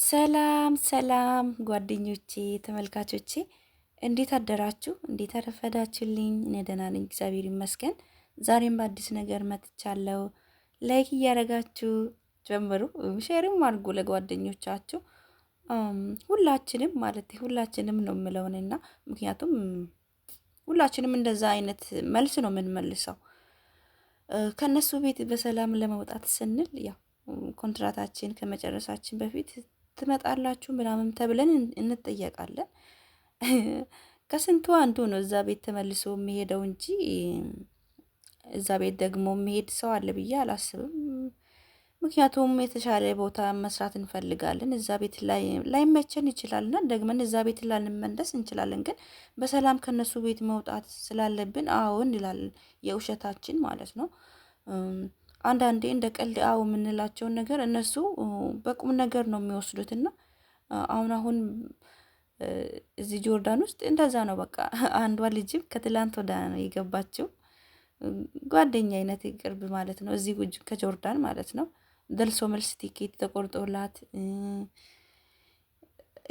ሰላም ሰላም ጓደኞቼ ተመልካቾቼ እንዴት አደራችሁ? እንዴት አረፈዳችሁልኝ? እኔ ደህና ነኝ፣ እግዚአብሔር ይመስገን። ዛሬም በአዲስ ነገር መጥቻለሁ። ላይክ እያደረጋችሁ ጀምሩ፣ ሼርም አድርጉ ለጓደኞቻችሁ። ሁላችንም ማለት ሁላችንም ነው የምለውንና ምክንያቱም ሁላችንም እንደዛ አይነት መልስ ነው የምንመልሰው ከእነሱ ቤት በሰላም ለመውጣት ስንል ያው ኮንትራታችን ከመጨረሳችን በፊት ትመጣላችሁ ምናምን ተብለን እንጠየቃለን። ከስንቱ አንዱ ነው እዛ ቤት ተመልሶ የሚሄደው እንጂ እዛ ቤት ደግሞ የሚሄድ ሰው አለ ብዬ አላስብም። ምክንያቱም የተሻለ ቦታ መስራት እንፈልጋለን። እዛ ቤት ላይመቸን ይችላል እና ደግመን እዛ ቤት ላንመለስ እንችላለን። ግን በሰላም ከነሱ ቤት መውጣት ስላለብን አዎ እንላለን። የውሸታችን ማለት ነው። አንዳንዴ እንደ ቀልድ አው የምንላቸውን ነገር እነሱ በቁም ነገር ነው የሚወስዱት። እና አሁን አሁን እዚህ ጆርዳን ውስጥ እንደዛ ነው። በቃ አንዷ ልጅም ከትላንት ወዳ ነው የገባችው። ጓደኛ አይነት ቅርብ ማለት ነው። እዚህ ጉጅ ከጆርዳን ማለት ነው። ደርሶ መልስ ቲኬት ተቆርጦላት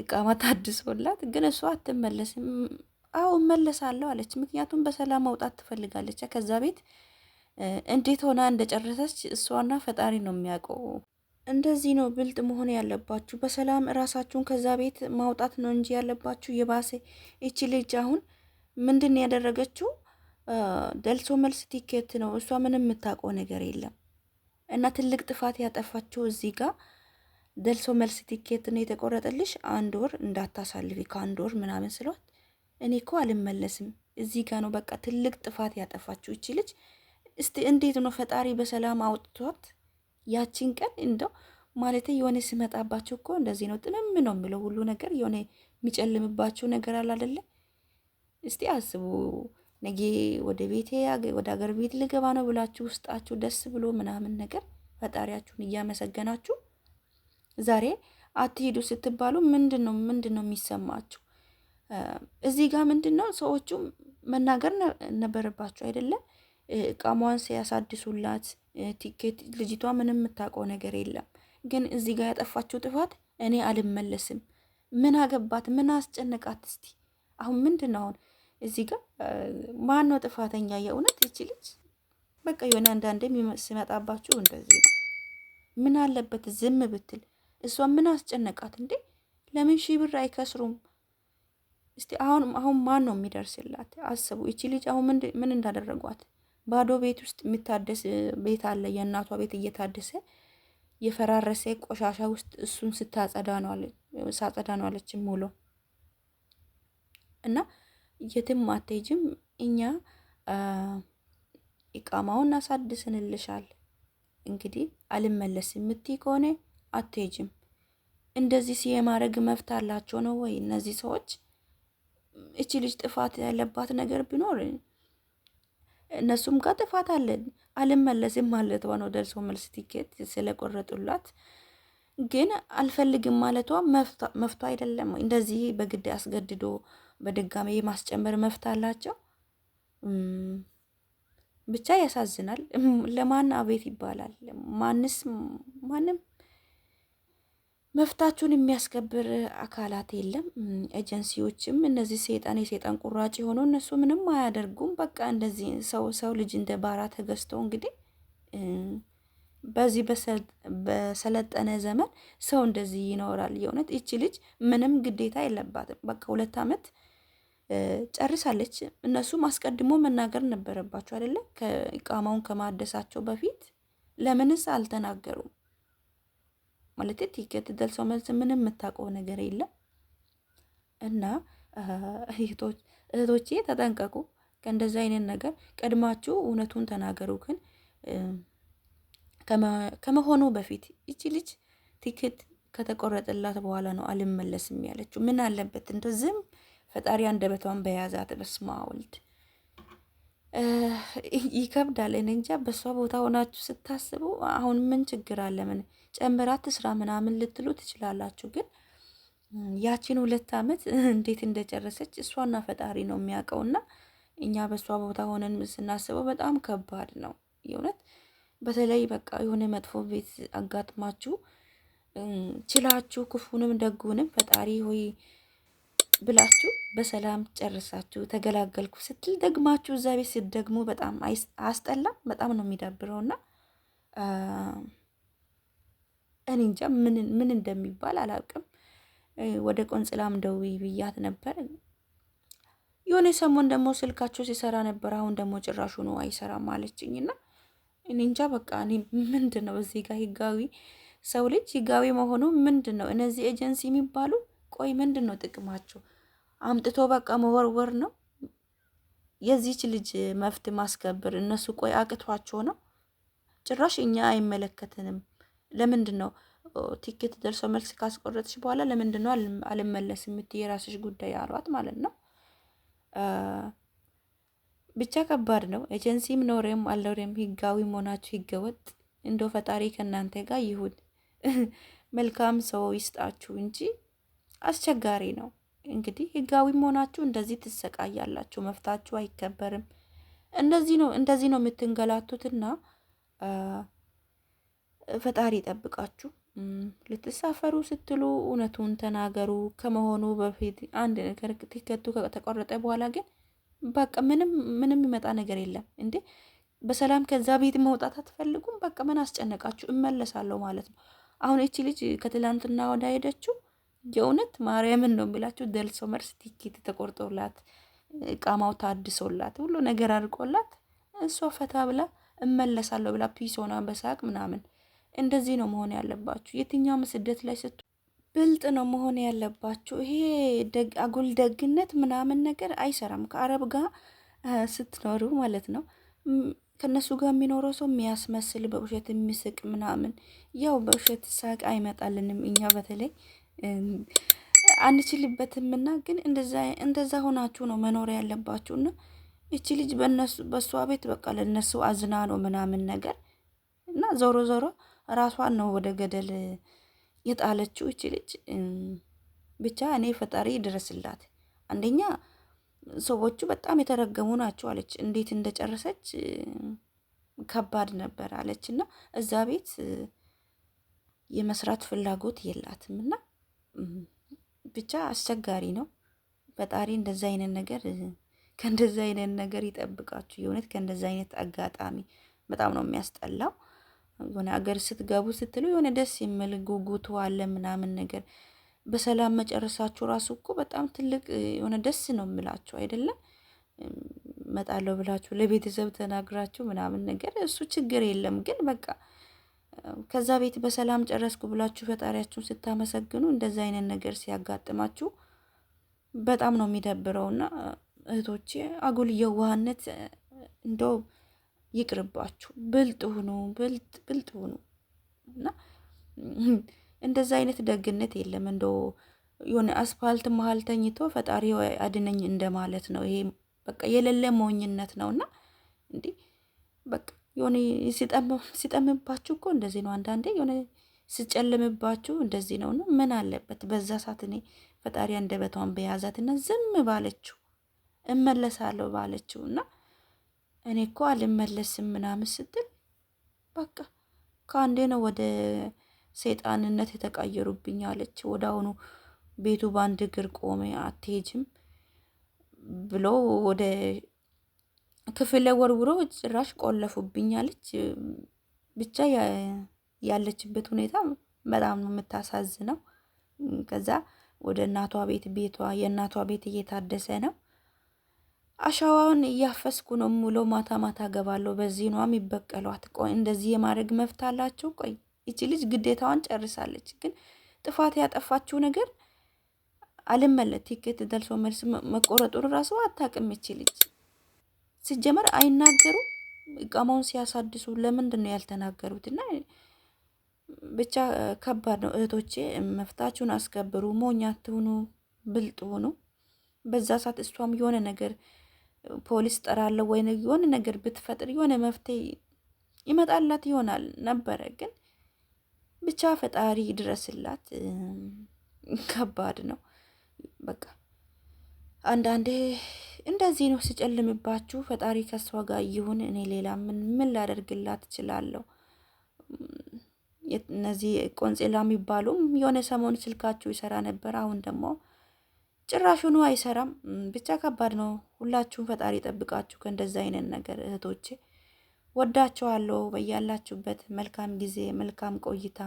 እቃማ ታድሶላት፣ ግን እሷ አትመለስም። አዎ እመለሳለሁ አለች። ምክንያቱም በሰላም መውጣት ትፈልጋለች ከዛ ቤት እንዴት ሆና እንደጨረሰች እሷና ፈጣሪ ነው የሚያውቀው። እንደዚህ ነው ብልጥ መሆን ያለባችሁ። በሰላም እራሳችሁን ከዛ ቤት ማውጣት ነው እንጂ ያለባችሁ። የባሰ ይቺ ልጅ አሁን ምንድን ያደረገችው ደልሶ መልስ ቲኬት ነው። እሷ ምንም የምታውቀው ነገር የለም። እና ትልቅ ጥፋት ያጠፋችው እዚህ ጋር ደልሶ መልስ ቲኬት ነው የተቆረጠልሽ፣ አንድ ወር እንዳታሳልፊ ከአንድ ወር ምናምን ስሏት፣ እኔ እኮ አልመለስም እዚህ ጋር ነው በቃ ትልቅ ጥፋት ያጠፋችው እቺ ልጅ። እስቲ እንዴት ነው ፈጣሪ በሰላም አውጥቷት ያቺን ቀን እንደው ማለት የሆነ ስመጣባቸው እኮ እንደዚህ ነው ጥምም ነው የሚለው ሁሉ ነገር የሆነ የሚጨልምባቸው ነገር አለ አይደለ? እስቲ አስቡ። ነጌ ወደ ቤቴ ወደ ሀገር ቤት ልገባ ነው ብላችሁ ውስጣችሁ ደስ ብሎ ምናምን ነገር ፈጣሪያችሁን እያመሰገናችሁ ዛሬ አትሄዱ ስትባሉ ምንድን ነው ምንድን ነው የሚሰማችሁ? እዚህ ጋር ምንድን ነው ሰዎቹ መናገር ነበረባችሁ አይደለም? እቃሟን ሲያሳድሱላት ቲኬት ልጅቷ ምንም የምታውቀው ነገር የለም። ግን እዚህ ጋር ያጠፋችው ጥፋት እኔ አልመለስም። ምን አገባት? ምን አስጨነቃት? እስቲ አሁን ምንድን አሁን እዚህ ጋር ማን ነው ጥፋተኛ? የእውነት ይቺ ልጅ በቃ የሆነ አንዳንዴ ሲመጣባችሁ እንደዚህ ነው። ምን አለበት ዝም ብትል? እሷ ምን አስጨነቃት እንዴ? ለምን ሺህ ብር አይከስሩም? እስቲ አሁን አሁን ማን ነው የሚደርስላት? አስቡ። ይቺ ልጅ አሁን ምን እንዳደረጓት ባዶ ቤት ውስጥ የሚታደስ ቤት አለ። የእናቷ ቤት እየታደሰ የፈራረሰ ቆሻሻ ውስጥ እሱን ስታጸዳ ነው አለችም እና የትም አትሄጂም፣ እኛ ኢቃማውን አሳድስንልሻል። እንግዲህ አልመለስ የምትይ ከሆነ አትሄጂም። እንደዚህ ሲ የማድረግ መብት አላቸው ነው ወይ እነዚህ ሰዎች? እቺ ልጅ ጥፋት ያለባት ነገር ቢኖር እነሱም ጋር ጥፋት አለን አልመለስም ማለቷ ነው። ደርሶ መልስ ቲኬት ስለቆረጡላት ግን አልፈልግም ማለቷ መፍቷ አይደለም። እንደዚህ በግድ አስገድዶ በድጋሚ የማስጨመር መፍት አላቸው። ብቻ ያሳዝናል። ለማን አቤት ይባላል? ማንስ ማንም መፍታችሁን የሚያስከብር አካላት የለም። ኤጀንሲዎችም እነዚህ ሴጣን የሴጣን ቁራጭ የሆኑ እነሱ ምንም አያደርጉም። በቃ እንደዚህ ሰው ሰው ልጅ እንደ ባራ ተገዝቶ እንግዲህ በዚህ በሰለጠነ ዘመን ሰው እንደዚህ ይኖራል? የእውነት ይቺ ልጅ ምንም ግዴታ የለባትም። በቃ ሁለት ዓመት ጨርሳለች። እነሱም አስቀድሞ መናገር ነበረባቸው አይደለም? ቃማውን ከማደሳቸው በፊት ለምንስ አልተናገሩም? ማለት ቲኬት ደልሰው መልስ ምንም የምታውቀው ነገር የለም እና እህቶቼ ተጠንቀቁ ከእንደዚ አይነት ነገር ቀድማችሁ እውነቱን ተናገሩ። ግን ከመሆኑ በፊት ይቺ ልጅ ቲኬት ከተቆረጠላት በኋላ ነው አልመለስም ያለችው። ምን አለበት እንደው ዝም ፈጣሪ አንደበቷን በያዛት። በስመ አብ ወልድ ይከብዳል። እኔ እንጃ በእሷ ቦታ ሆናችሁ ስታስቡ አሁን ምን ችግር አለ? ምን ጨምራት ስራ ምናምን ልትሉ ትችላላችሁ። ግን ያቺን ሁለት ዓመት እንዴት እንደጨረሰች እሷና ፈጣሪ ነው የሚያውቀውና እኛ በእሷ ቦታ ሆነን ስናስበው በጣም ከባድ ነው የእውነት። በተለይ በቃ የሆነ መጥፎ ቤት አጋጥማችሁ ችላችሁ ክፉንም ደጉንም ፈጣሪ ሆይ ብላችሁ በሰላም ጨርሳችሁ ተገላገልኩ ስትል ደግማችሁ እዛ ቤት ስትደግሙ በጣም አያስጠላም? በጣም ነው እና እኔ እንጃ ምን እንደሚባል አላውቅም። ወደ ቆንጽላም ደዊ ብያት ነበር። የሆነ ሰሞን ደግሞ ስልካቸው ሲሰራ ነበር። አሁን ደግሞ ጭራሹ ነው አይሰራም አለችኝ እና እኔ እንጃ በቃ እኔ ምንድን ነው እዚህ ጋር ህጋዊ ሰው ልጅ ህጋዊ መሆኑ ምንድን ነው? እነዚህ ኤጀንሲ የሚባሉ ቆይ ምንድን ነው ጥቅማቸው? አምጥቶ በቃ መወርወር ነው የዚች ልጅ መፍት ማስከበር እነሱ ቆይ አቅቷቸው ነው? ጭራሽ እኛ አይመለከትንም። ለምንድን ነው ቲኬት ደርሶ መልስ ካስቆረጥሽ በኋላ ለምንድን ነው አልመለስ የምትይ የራስሽ ጉዳይ አሏት ማለት ነው። ብቻ ከባድ ነው። ኤጀንሲም ኖሬም አልኖሬም ህጋዊ መሆናችሁ ህገወጥ እንደ ፈጣሪ ከእናንተ ጋር ይሁን። መልካም ሰው ይስጣችሁ እንጂ አስቸጋሪ ነው። እንግዲህ ህጋዊ መሆናችሁ እንደዚህ ትሰቃያላችሁ፣ መፍታችሁ አይከበርም። እንደዚህ ነው እንደዚህ ነው የምትንገላቱትና ፈጣሪ ይጠብቃችሁ። ልትሳፈሩ ስትሉ እውነቱን ተናገሩ። ከመሆኑ በፊት አንድ ነገር ትኬቱ ከተቆረጠ በኋላ ግን በቃ ምንም ምንም ይመጣ ነገር የለም እንዴ! በሰላም ከዛ ቤት መውጣት አትፈልጉም? በቃ ምን አስጨነቃችሁ? እመለሳለሁ ማለት ነው። አሁን እቺ ልጅ ከትላንትና ወዳ ሄደችው የእውነት ማርያምን ነው የሚላችሁ ደልሶ መልስ ቲኬት ተቆርጦላት እቃማው ታድሶላት ሁሉ ነገር አድርቆላት እሷ ፈታ ብላ እመለሳለሁ ብላ ፒስ ሆና በሳቅ ምናምን። እንደዚህ ነው መሆን ያለባችሁ። የትኛውም ስደት ላይ ስቱ ብልጥ ነው መሆን ያለባችሁ። ይሄ አጉል ደግነት ምናምን ነገር አይሰራም። ከአረብ ጋር ስትኖሩ ማለት ነው ከነሱ ጋር የሚኖረው ሰው የሚያስመስል በውሸት የሚስቅ ምናምን፣ ያው በውሸት ሳቅ አይመጣልንም እኛ በተለይ አንችልበትምና ግን እንደዛ ሆናችሁ ነው መኖር ያለባችሁና እቺ ልጅ በእሷ ቤት በቃ ለእነሱ አዝና ነው ምናምን ነገር እና ዞሮ ዞሮ ራሷን ነው ወደ ገደል የጣለችው እቺ ልጅ። ብቻ እኔ ፈጣሪ ድረስላት አንደኛ ሰዎቹ በጣም የተረገሙ ናቸው አለች። እንዴት እንደጨረሰች ከባድ ነበር አለች። እና እዛ ቤት የመስራት ፍላጎት የላትም እና ብቻ አስቸጋሪ ነው። ፈጣሪ እንደዛ አይነት ነገር ከእንደዛ አይነት ነገር ይጠብቃችሁ። የእውነት ከእንደዛ አይነት አጋጣሚ በጣም ነው የሚያስጠላው። የሆነ አገር ስትገቡ ስትሉ የሆነ ደስ የሚል ጉጉት አለ ምናምን ነገር በሰላም መጨረሳችሁ ራሱ እኮ በጣም ትልቅ የሆነ ደስ ነው የሚላችሁ አይደለም። መጣለሁ ብላችሁ ለቤተሰብ ተናግራችሁ ምናምን ነገር እሱ ችግር የለም ግን በቃ ከዛ ቤት በሰላም ጨረስኩ ብላችሁ ፈጣሪያችሁን ስታመሰግኑ እንደዛ አይነት ነገር ሲያጋጥማችሁ በጣም ነው የሚደብረውና እህቶቼ አጉል የዋህነት እንደው ይቅርባችሁ። ብልጥ ሁኑ፣ ብልጥ ብልጥ ሁኑ እና እንደዛ አይነት ደግነት የለም። እንደው የሆነ አስፋልት መሀል ተኝቶ ፈጣሪ አድነኝ እንደማለት ነው። ይሄ በቃ የሌለ ሞኝነት ነውና እንዲህ በቃ የሆነ ሲጠምባችሁ እኮ እንደዚህ ነው። አንዳንዴ የሆነ ሲጨልምባችሁ እንደዚህ ነው። እና ምን አለበት በዛ ሰዓት እኔ ፈጣሪ አንደበቷን በያዛትና ዝም ባለችው እመለሳለሁ ባለችው እና እኔ እኮ አልመለስም ምናምን ስትል በቃ ከአንዴ ነው ወደ ሰይጣንነት የተቀየሩብኝ አለች። ወደ አሁኑ ቤቱ በአንድ እግር ቆመ አትሄጅም ብሎ ወደ ክፍል ላይ ወርውሮ ጭራሽ ቆለፉብኝ አለች። ብቻ ያለችበት ሁኔታ በጣም ነው የምታሳዝነው። ከዛ ወደ እናቷ ቤት ቤቷ የእናቷ ቤት እየታደሰ ነው። አሻዋውን እያፈስኩ ነው ሙሎ ማታ ማታ ገባለሁ። በዚህ ነው የሚበቀሏት። ቆይ እንደዚህ የማድረግ መፍት አላቸው። ቆይ ይቺ ልጅ ግዴታዋን ጨርሳለች። ግን ጥፋት ያጠፋችው ነገር አልመለስ ቲኬት ደርሶ መልስ መቆረጡን ራሱ አታውቅም ይቺ ልጅ። ሲጀመር አይናገሩ እቃማውን ሲያሳድሱ ለምንድን ነው ያልተናገሩት? እና ብቻ ከባድ ነው እህቶቼ፣ መፍታችሁን አስከብሩ፣ ሞኛ አትሁኑ፣ ብልጥ ሁኑ። በዛ ሰዓት እሷም የሆነ ነገር ፖሊስ ጠራለሁ ወይ የሆነ ነገር ብትፈጥር የሆነ መፍትሄ ይመጣላት ይሆናል ነበረ። ግን ብቻ ፈጣሪ ድረስላት። ከባድ ነው በቃ አንዳንዴ እንደዚህ ነው ስጨልምባችሁ። ፈጣሪ ከእሷ ጋር ይሁን። እኔ ሌላ ምን ምን ላደርግላት እችላለሁ? እነዚህ ቆንጼላ የሚባሉም የሆነ ሰሞን ስልካችሁ ይሰራ ነበር፣ አሁን ደግሞ ጭራሹኑ አይሰራም። ብቻ ከባድ ነው። ሁላችሁም ፈጣሪ ጠብቃችሁ ከእንደዚ አይነት ነገር እህቶቼ። ወዳችኋለሁ። በያላችሁበት መልካም ጊዜ፣ መልካም ቆይታ።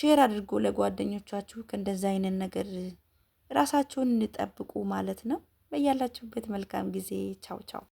ሼር አድርጎ ለጓደኞቻችሁ ከእንደዚ አይነት ነገር ራሳችሁን እንጠብቁ ማለት ነው። በያላችሁበት መልካም ጊዜ። ቻው ቻው